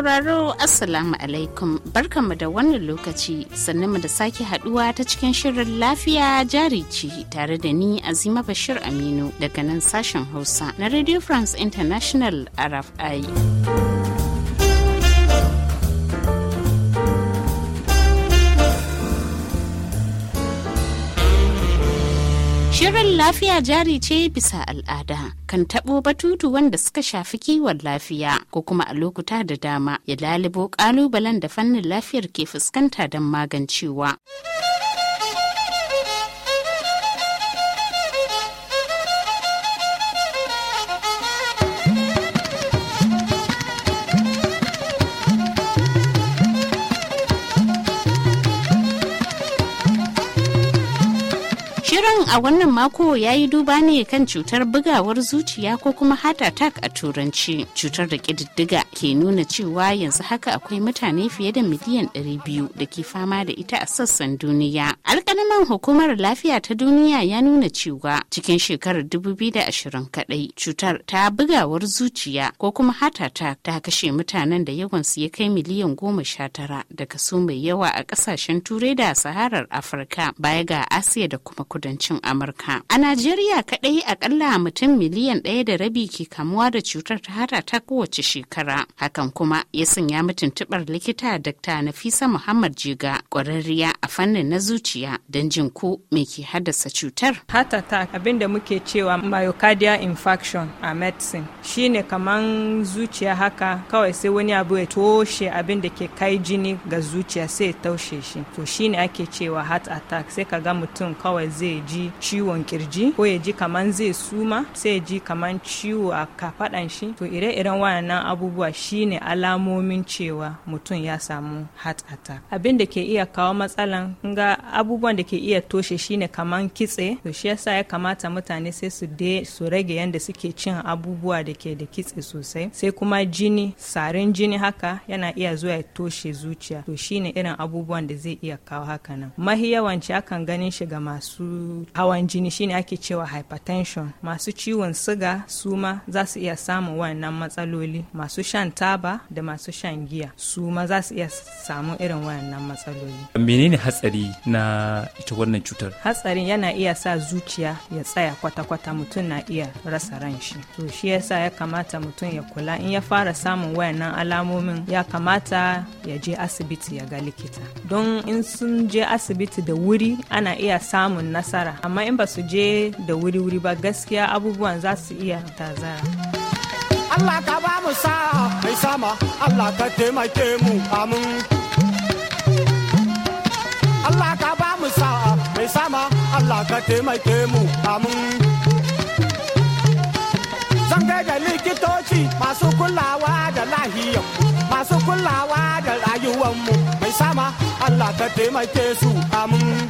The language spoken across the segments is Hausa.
sauraro Assalamu alaikum barkanmu da wannan lokaci sannan mu da sake haduwa ta cikin shirin lafiya jari ce tare da ni Azima Bashir Aminu daga nan sashen Hausa na Radio France International RFI. Shirin lafiya jari ce bisa al'ada kan taɓo batutu wanda suka shafi kiwon lafiya ko kuma a lokuta da dama ya lalibo ƙalubalen da fannin lafiyar ke fuskanta don magancewa. Shirin a wannan mako ya yi duba ne kan cutar bugawar zuciya ko kuma heart attack a turanci. Cutar da ƙididdiga ke nuna cewa yanzu haka akwai mutane fiye da miliyan 200 da ke fama da ita a sassan duniya. Alƙalaman hukumar lafiya ta duniya ya nuna cewa cikin shekarar 2020 kaɗai cutar ta bugawar zuciya ko kuma heart attack ta kashe mutanen da yawan su ya kai miliyan 19 da kaso mai yawa a ƙasashen Turai da Saharar Afirka baya ga Asiya da kuma kudanci. kudancin Amurka. A Najeriya kaɗai akalla mutum miliyan ɗaya da rabi ke kamuwa da cutar ta hada ta kowace shekara. Hakan kuma ya sanya tubar likita Dr. Nafisa Muhammad Jiga ƙwararriya a fannin na zuciya don jin ko mai ke haddasa cutar. Heart attack abinda muke cewa myocardial infarction a medicine shine kamar zuciya haka kawai sai wani abu ya toshe abin da ke kai jini ga zuciya sai ya taushe shi to shine ake cewa heart attack sai ka ga mutum kawai zai ji ciwon kirji ko ya ji kaman zai suma sai ya ji kaman ciwo a kafaɗan shi to ire-iren wayannan abubuwa shine alamomin cewa mutum ya samu heart attack abin da ke iya kawo matsalan ga abubuwan da ke iya toshe shine kaman kitse to shi yasa ya kamata mutane sai su de su rage yanda suke cin abubuwa da ke da kitse sosai sai kuma jini sarin jini haka yana iya zuwa ya toshe zuciya to shine irin abubuwan da zai iya kawo haka nan mahi yawanci akan ganin shi ga masu hawan jini shine ake cewa hypertension masu ciwon siga suma za su iya samun wannan matsaloli masu shan taba da masu shan giya suma za su iya samun irin wannan matsaloli menene hatsari na ita wannan cutar hatsarin yana iya sa zuciya ya tsaya kwata-kwata mutum na iya rasa ran shi to shi yasa ya kamata mutum ya kula in ya fara samun wayannan alamomin ya kamata ya je asibiti ya ga likita don in sun je asibiti da wuri ana iya samun nasara tazara amma in ba su je da wuri-wuri ba gaskiya abubuwan za su iya tazara Allah ka ba mu sa'a mai sama Allah ka taimake mu amin Allah ka ba mu sa'a mai sama Allah ka taimake mu amin Zan da likitoci masu kulawa da lahiyar masu kulawa da rayuwar mu mai sama Allah ka taimake su amin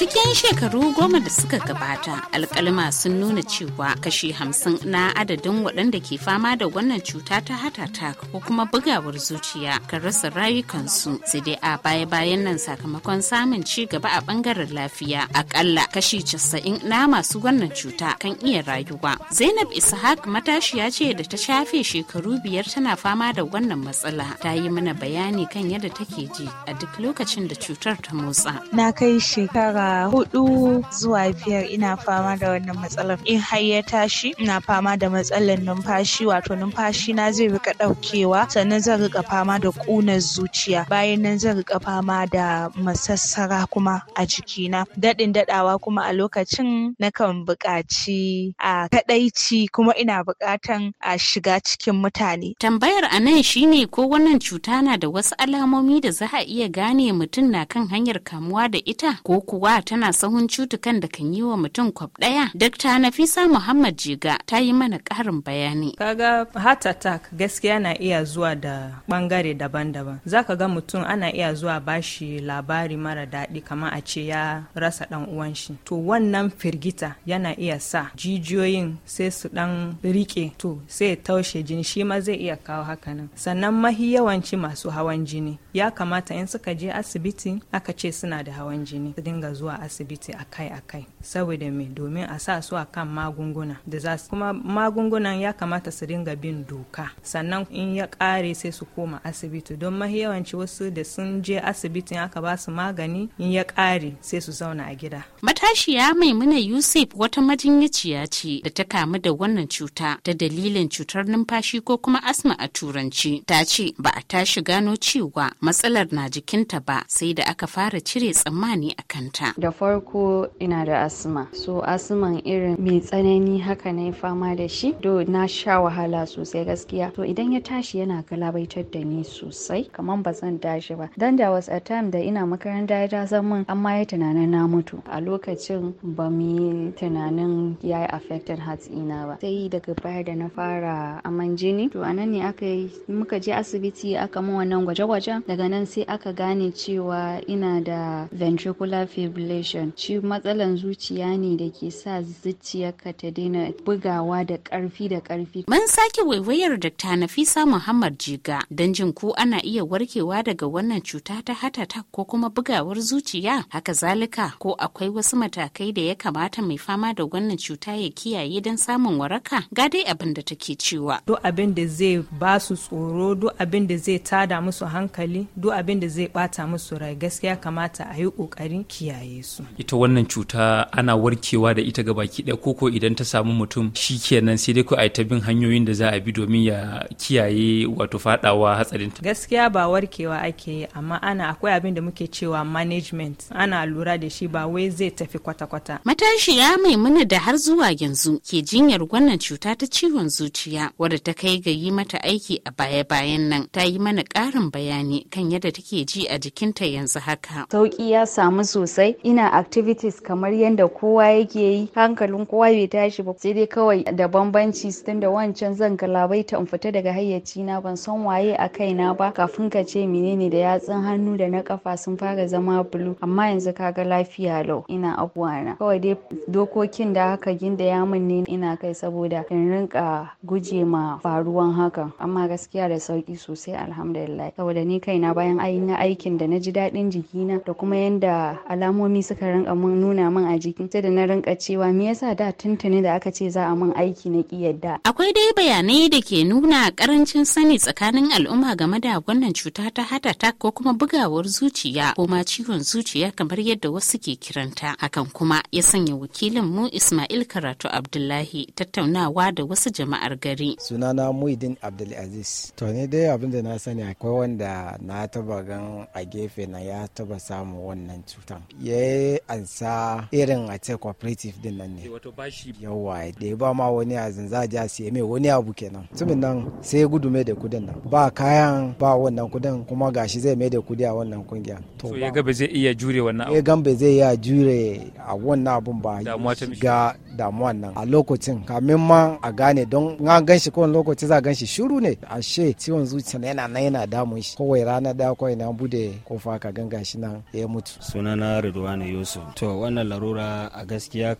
cikin shekaru goma da suka gabata alkalima sun nuna cewa kashi hamsin na adadin waɗanda ke fama da wannan cuta ta hatata ko kuma bugawar zuciya ka rasa rayukansu sai dai a baya bayan nan sakamakon samun ci gaba a bangaren lafiya akalla kashi casa'in na masu wannan cuta kan iya rayuwa zainab ishaq matashiya ce da ta shafe shekaru biyar tana fama da wannan matsala ta yi mana bayani kan yadda take ji a duk lokacin da cutar ta motsa na kai shekara hudu zuwa biyar ina fama da wannan matsalar in har ya tashi ina fama da matsalar numfashi wato numfashi na zai rika daukewa sannan zan rika fama da ƙunar zuciya bayan nan zan rika fama da masassara kuma a jikina daɗin daɗawa kuma a lokacin na kan buƙaci a kadaici kuma ina bukatan a shiga cikin mutane tambayar a nan shine ko wannan cuta na da wasu alamomi da za a iya gane mutum na kan hanyar kamuwa da ita ko kuwa tana sahun cutukan da kan yi wa mutum kwab ɗaya. Dakta Nafisa Muhammad Jiga ta yi mana karin bayani. Kaga heart attack gaskiya na iya zuwa da bangare daban-daban. Zaka ga mutum ana iya zuwa bashi labari mara daɗi kama a ce ya rasa ɗan uwan shi. To wannan firgita yana iya sa jijiyoyin sai su dan riƙe to sai taushe jini shi ma zai iya kawo hakanan. Sannan mahi yawanci masu hawan jini ya kamata in suka je asibiti aka ce suna da hawan jini su dinga zuwa zuwa asibiti akai-akai saboda me domin a sa su akan magunguna da za su kuma magungunan ya kamata su dinga bin doka sannan in ya kare sai su koma asibiti don mahi yawanci wasu da sun je asibitin aka ba su magani in ya kare sai su zauna a gida matashiya maimuna yusuf wata majinyaciya ce da ta kamu da wannan cuta ta dalilin cutar numfashi ko kuma asma a turanci ta ce ba a tashi gano cewa matsalar na jikinta ba sai da aka fara cire tsammani a kanta da farko ina da asma so asman irin mai tsanani haka na yi fama da shi do na sha wahala sosai gaskiya to idan ya tashi yana galabaitar da ni sosai kamar ba zan tashi ba dan da was a time da ina makaranta ya ta zama min amma ya tunanin na mutu a lokacin ba mu yi tunanin ya yi affected heart ina ba sai daga baya da na fara aman jini to anan ne aka yi muka je asibiti aka mu wannan gwaje-gwajen daga nan sai aka gane cewa ina da ventricular fibula. circulation shi matsalan zuciya ne da ke sa zuciyarka ta daina bugawa da karfi da karfi. Mun sake waiwayar Dr. Nafisa Muhammad Jiga don jin ko ana iya warkewa daga wannan cuta ta hatata ko kuma bugawar zuciya haka zalika ko akwai wasu matakai da ya kamata mai fama da wannan cuta ya kiyaye don samun waraka ga dai abin da take cewa. Duk abin da zai ba su tsoro duk abin da zai tada musu hankali duk abin da zai bata musu rai gaskiya kamata a yi kokarin kiyaye su ita wannan cuta ana warkewa da ita gabaki ɗaya koko idan ta samu mutum shi kenan sai dai ko a ta bin hanyoyin da za a bi domin ya kiyaye wato faɗawa hatsarin ta gaskiya ba warkewa ake yi amma ana akwai abin da muke cewa management ana lura da shi ba wai zai tafi kwata-kwata matashiya maimuna da har zuwa yanzu ke jinyar wannan cuta ta ciwon zuciya wadda ta kai ga yi mata aiki a baya-bayan nan ta yi mana ƙarin bayani kan yadda take ji a jikinta yanzu haka sauƙi ya samu sosai ina activities kamar yadda kowa yake yi hankalin kowa bai tashi ba sai dai kawai da bambanci tun da wancan zan galabai ta fita daga hayyaci na ban san waye a kaina ba kafin ka ce menene da yatsun hannu da na kafa sun fara zama bulu amma yanzu kaga lafiya lau ina abuwana. kawai dai dokokin da haka ginda ya mun ne ina kai saboda in rinka guje ma faruwan hakan amma gaskiya da sauki sosai alhamdulillah saboda ni kaina bayan ayin aikin da na ji daɗin jikina da kuma yanda alamomi ni suka rinka mun nuna min a jiki sai da na rinka cewa me yasa da tuntuni da aka ce za a mun aiki na ki yadda akwai dai bayanai da ke nuna karancin sani tsakanin al'umma game da wannan cuta ta hatata ko kuma bugawar zuciya ko ma ciwon zuciya kamar yadda wasu ke kiranta hakan kuma ya sanya wakilin mu Ismail Karatu Abdullahi tattaunawa da wasu jama'ar gari sunana Muhyiddin Abdulaziz to ne dai abin da na sani akwai wanda na taba gan a gefe na ya taba samu wannan cutan ya ya ansa irin a ce cooperative din nan ne eh, yawa da ya ba ma wani a zanza ja siya mai wani abu kenan tumin nan sai gudu mai da kudin nan ba kayan ba wannan kudin kuma gashi zai mai da kudi a wannan kungiya to ya ga ba zai iya jure wannan abu ya ga ba zai iya jure a wannan abun ba ga damuwan nan a lokacin kamin ma a gane don na gan shi kowane lokaci za gan shi shuru ne a ashe ciwon zuciya yana nan yana damun shi kowai rana da kawai na bude kofa ka gan gashi nan ya mutu sunana Ridwan Yusuf to wannan larura a gaskiya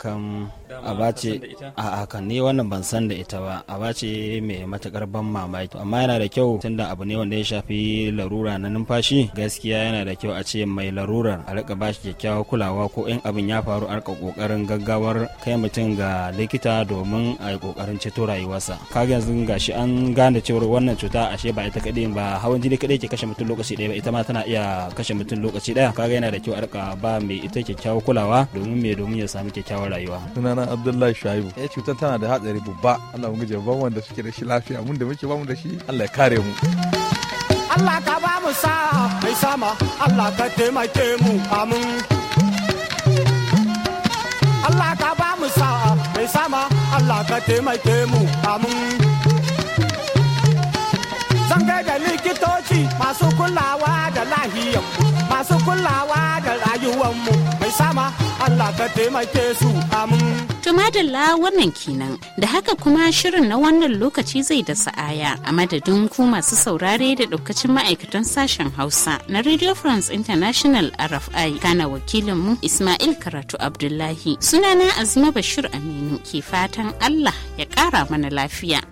abace a kan ne wannan ban san da ita ba abace mai matakar ban mamaki amma yana da kyau tunda abu ne wanda ya shafi larura na numfashi gaskiya yana da kyau a ce mai larurar a rika bashi kyakkyawar kulawa ko in abin ya faru a rika kokarin gaggawar kai mutum mutum ga likita domin a yi kokarin ceto rayuwarsa kaga yanzu shi an gane cewa wannan cuta ashe ba ita kadai ba hawan jini kadai ke kashe mutum lokaci daya ba ita ma tana iya kashe mutum lokaci daya kaga yana da kyau a rika ba mai ita kyakkyawar kulawa domin mai domin ya sami kyakkyawar rayuwa sunana abdullahi shaibu eh cutar tana da hatsari babba Allah mu ba wanda suke da shi lafiya mun da muke ba mu da shi Allah ya kare mu Allah ka ba mu sa mai sama Allah ka taimake mu amin Allah ka sama Allah ka taimake mu amin zan da likitoci masu kulawa da lahiyar masu kulawa da rayuwar mu mai sama Allah ka taimake su amin. Tumadalla wannan kenan da haka kuma shirin na wannan lokaci zai da sa'aya a madadin ku masu saurare da daukacin ma'aikatan sashen Hausa na Radio France International RFI kana mu Ismail Karatu Abdullahi sunana Azima Bashir Aminu ke fatan Allah ya kara mana lafiya.